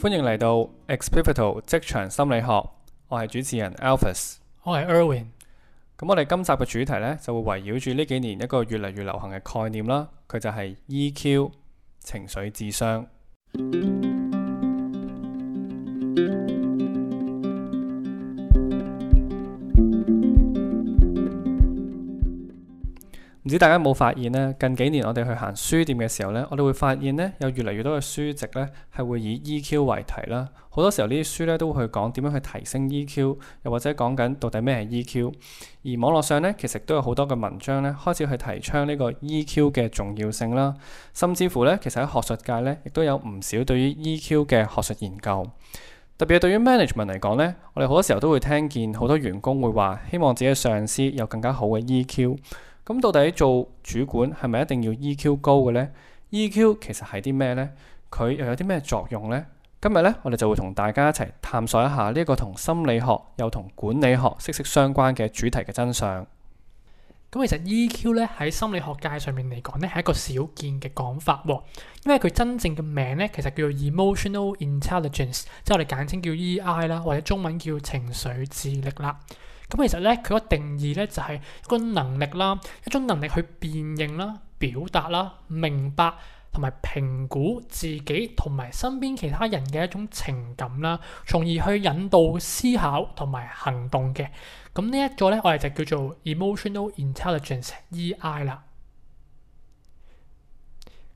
歡迎嚟到 Exponential 職場心理學，我係主持人 Alfus，我係 Erwin。咁我哋今集嘅主題呢，就會圍繞住呢幾年一個越嚟越流行嘅概念啦，佢就係 EQ，情緒智商。 唔知大家有冇發現呢？近幾年我哋去行書店嘅時候呢，我哋會發現呢，有越嚟越多嘅書籍呢係會以 EQ 為題啦。好多時候呢啲書呢都會去講點樣去提升 EQ，又或者講緊到底咩係 EQ。而網絡上呢，其實都有好多嘅文章呢開始去提倡呢個 EQ 嘅重要性啦，甚至乎呢，其實喺學術界呢亦都有唔少對於 EQ 嘅學術研究。特別係對於 management 嚟講呢，我哋好多時候都會聽見好多員工會話，希望自己嘅上司有更加好嘅 EQ。咁到底做主管係咪一定要 EQ 高嘅呢？EQ 呢、EQ、其實係啲咩呢？佢又有啲咩作用呢？今日呢，我哋就會同大家一齊探索一下呢一個同心理學又同管理學息息息相關嘅主題嘅真相。咁其實 EQ 呢，喺心理學界上面嚟講呢，係一個少見嘅講法喎，因為佢真正嘅名呢，其實叫做 Emotional Intelligence，即係我哋簡稱叫 EI 啦，或者中文叫情緒智力啦。咁其實咧，佢個定義咧就係一個能力啦，一種能力去辨認啦、表達啦、明白同埋評估自己同埋身邊其他人嘅一種情感啦，從而去引導思考同埋行動嘅。咁呢一個咧，我哋就叫做 emotional intelligence，EI 啦。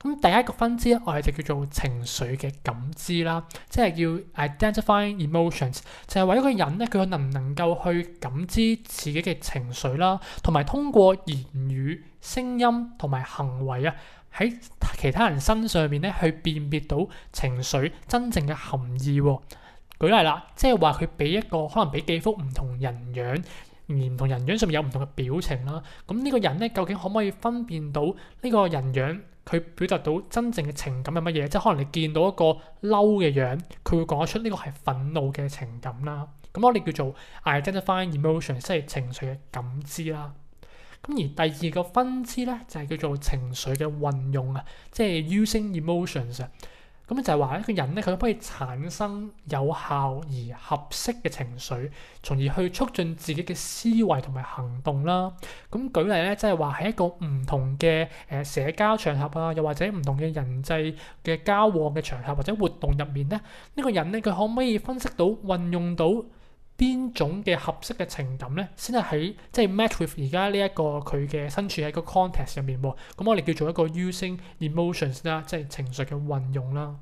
咁第一個分支我哋就叫做情緒嘅感知啦，即係叫 identifying emotions，就係為咗一個人咧，佢能唔能夠去感知自己嘅情緒啦，同埋通過言語、聲音同埋行為啊，喺其他人身上面咧去辨別到情緒真正嘅含義，哦。舉例啦，即係話佢俾一個可能俾幾幅唔同人樣而唔同人樣上面有唔同嘅表情啦，咁呢個人咧究竟可唔可以分辨到呢個人樣？佢表達到真正嘅情感係乜嘢？即係可能你見到一個嬲嘅樣，佢會講得出呢個係憤怒嘅情感啦。咁我哋叫做 identifying emotions，即係情緒嘅感知啦。咁而第二個分支咧，就係叫做情緒嘅運用啊，即係 using emotions 啊。咁就係話一個人咧，佢可可以產生有效而合適嘅情緒，從而去促進自己嘅思維同埋行動啦。咁舉例咧，即係話喺一個唔同嘅誒、呃、社交場合啊，又或者唔同嘅人際嘅交往嘅場合或者活動入面咧，呢、這個人咧，佢可唔可以分析到、運用到？邊種嘅合適嘅情感咧，先係喺即係、就是、match with 而家呢一個佢嘅身處喺個 context 入面喎、啊，咁、嗯、我哋叫做一個 using emotions 啦，即係情緒嘅運用啦。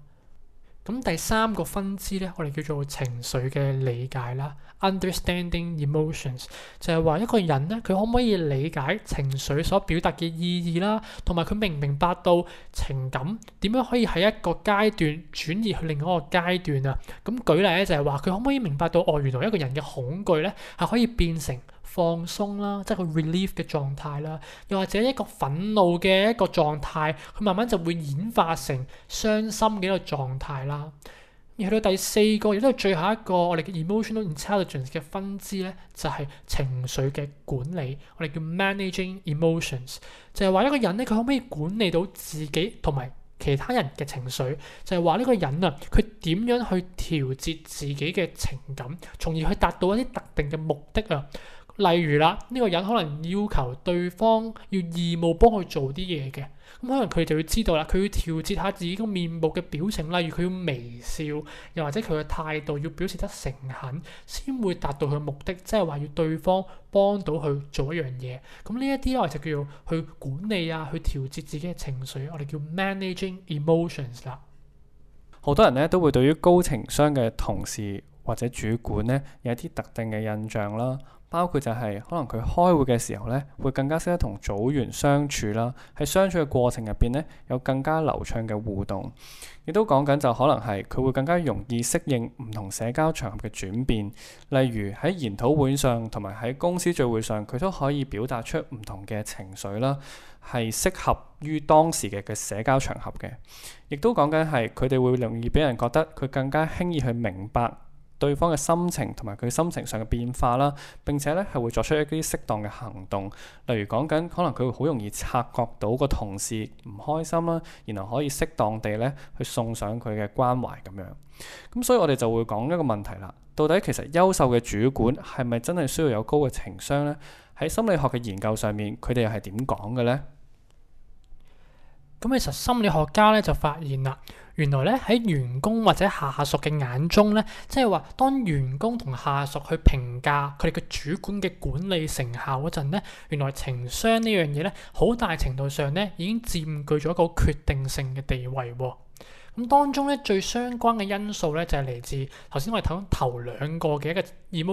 咁第三個分支咧，我哋叫做情緒嘅理解啦，Understanding emotions，就係話一個人咧，佢可唔可以理解情緒所表達嘅意義啦，同埋佢明唔明白到情感點樣可以喺一個階段轉移去另一個階段啊？咁舉例咧，就係話佢可唔可以明白到哦，原來一個人嘅恐懼咧，係可以變成放鬆啦，即係佢 relief 嘅狀態啦，又或者一個憤怒嘅一個狀態，佢慢慢就會演化成傷心嘅一個狀態啦。而去到第四個，亦都係最後一個我哋嘅 emotional intelligence 嘅分支咧，就係情緒嘅管理，我哋叫 managing emotions，就係話一個人咧，佢可唔可以管理到自己同埋其他人嘅情緒？就係話呢個人啊，佢點樣去調節自己嘅情感，從而去達到一啲特定嘅目的啊？例如啦，呢個人可能要求對方要義務幫佢做啲嘢嘅，咁可能佢就要知道啦，佢要調節下自己個面部嘅表情，例如佢要微笑，又或者佢嘅態度要表示得誠懇，先會達到佢嘅目的，即係話要對方幫到佢做一樣嘢。咁呢一啲我就叫去管理啊，去調節自己嘅情緒，我哋叫 managing emotions 啦。好多人咧都會對於高情商嘅同事或者主管呢，有一啲特定嘅印象啦，包括就係可能佢開會嘅時候呢，會更加識得同組員相處啦。喺相處嘅過程入邊呢，有更加流暢嘅互動。亦都講緊，就可能係佢會更加容易適應唔同社交場合嘅轉變，例如喺研討會上同埋喺公司聚會上，佢都可以表達出唔同嘅情緒啦，係適合於當時嘅嘅社交場合嘅。亦都講緊，係佢哋會容易俾人覺得佢更加輕易去明白。對方嘅心情同埋佢心情上嘅變化啦，並且咧係會作出一啲適當嘅行動，例如講緊可能佢會好容易察覺到個同事唔開心啦，然後可以適當地咧去送上佢嘅關懷咁樣。咁所以我哋就會講一個問題啦，到底其實優秀嘅主管係咪真係需要有高嘅情商呢？喺心理學嘅研究上面，佢哋又係點講嘅呢？咁其實心理學家咧就發現啦。原來咧喺員工或者下屬嘅眼中咧，即係話當員工同下屬去評價佢哋嘅主管嘅管理成效嗰陣咧，原來情商呢樣嘢咧，好大程度上咧已經佔據咗一個決定性嘅地位喎。咁當中咧最相關嘅因素咧就係嚟自頭先我哋睇到頭兩個嘅一個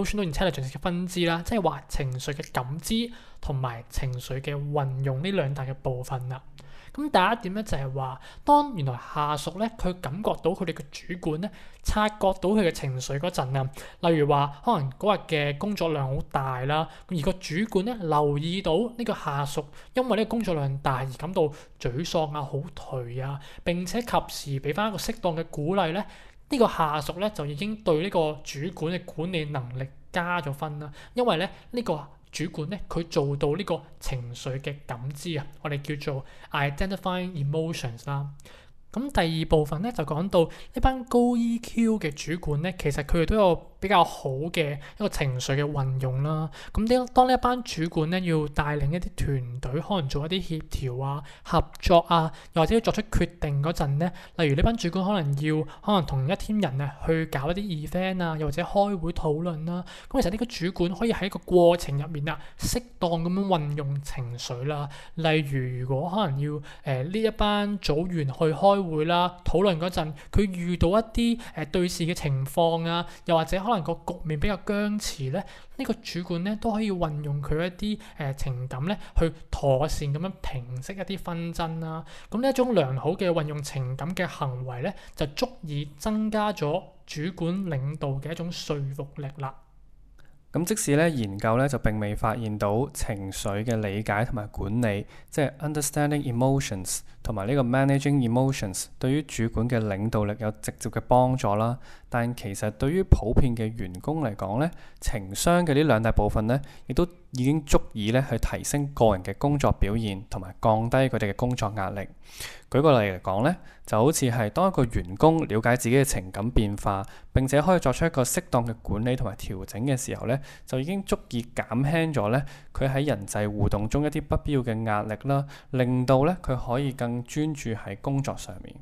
emotional intelligence 嘅分支啦，即係話情緒嘅感知同埋情緒嘅運用呢兩大嘅部分啦。咁第一點咧就係話，當原來下屬咧佢感覺到佢哋嘅主管咧察覺到佢嘅情緒嗰陣啊，例如話可能嗰日嘅工作量好大啦，而個主管咧留意到呢個下屬因為呢個工作量大而感到沮喪啊、好頹啊，並且及時俾翻一個適當嘅鼓勵咧，呢個下屬咧就已經對呢個主管嘅管理能力加咗分啦，因為咧呢個，主管咧，佢做到呢個情緒嘅感知啊，我哋叫做 identifying emotions 啦。咁第二部分咧就講到一班高 EQ 嘅主管咧，其實佢哋都有。比較好嘅一個情緒嘅運用啦。咁啲當呢一班主管咧要帶領一啲團隊，可能做一啲協調啊、合作啊，又或者要作出決定嗰陣咧，例如呢班主管可能要可能同一 team 人咧去搞一啲 event 啊，又或者開會討論啦、啊。咁其實呢個主管可以喺個過程入面啊，適當咁樣運用情緒啦。例如如果可能要誒呢、呃、一班組員去開會啦、討論嗰陣，佢遇到一啲誒、呃、對事嘅情況啊，又或者可能個局面比較僵持咧，呢個主管咧都可以運用佢一啲誒情感咧，去妥善咁樣平息一啲紛爭啦。咁呢一種良好嘅運用情感嘅行為咧，就足以增加咗主管領導嘅一種説服力啦。咁即使咧研究咧就並未發現到情緒嘅理解同埋管理，即係 understanding emotions 同埋呢個 managing emotions，對於主管嘅領導力有直接嘅幫助啦。但其實對於普遍嘅員工嚟講咧，情商嘅呢兩大部分咧，亦都已經足以咧去提升個人嘅工作表現同埋降低佢哋嘅工作壓力。舉個例嚟講咧，就好似係當一個員工了解自己嘅情感變化，並且可以作出一個適當嘅管理同埋調整嘅時候咧，就已經足以減輕咗咧佢喺人際互動中一啲不必要嘅壓力啦，令到咧佢可以更專注喺工作上面。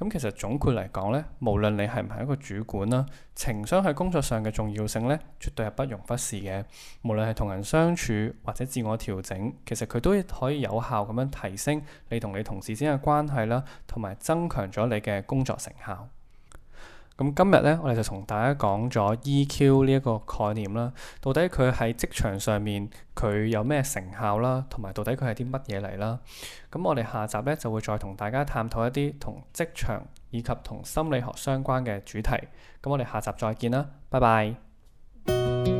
咁其實總括嚟講咧，無論你係唔係一個主管啦，情商喺工作上嘅重要性咧，絕對係不容忽視嘅。無論係同人相處或者自我調整，其實佢都可以有效咁樣提升你同你同事之間嘅關係啦，同埋增強咗你嘅工作成效。咁今日呢，我哋就同大家講咗 EQ 呢一個概念啦。到底佢喺職場上面佢有咩成效啦，同埋到底佢係啲乜嘢嚟啦？咁我哋下集呢，就會再同大家探討一啲同職場以及同心理學相關嘅主題。咁我哋下集再見啦，拜拜。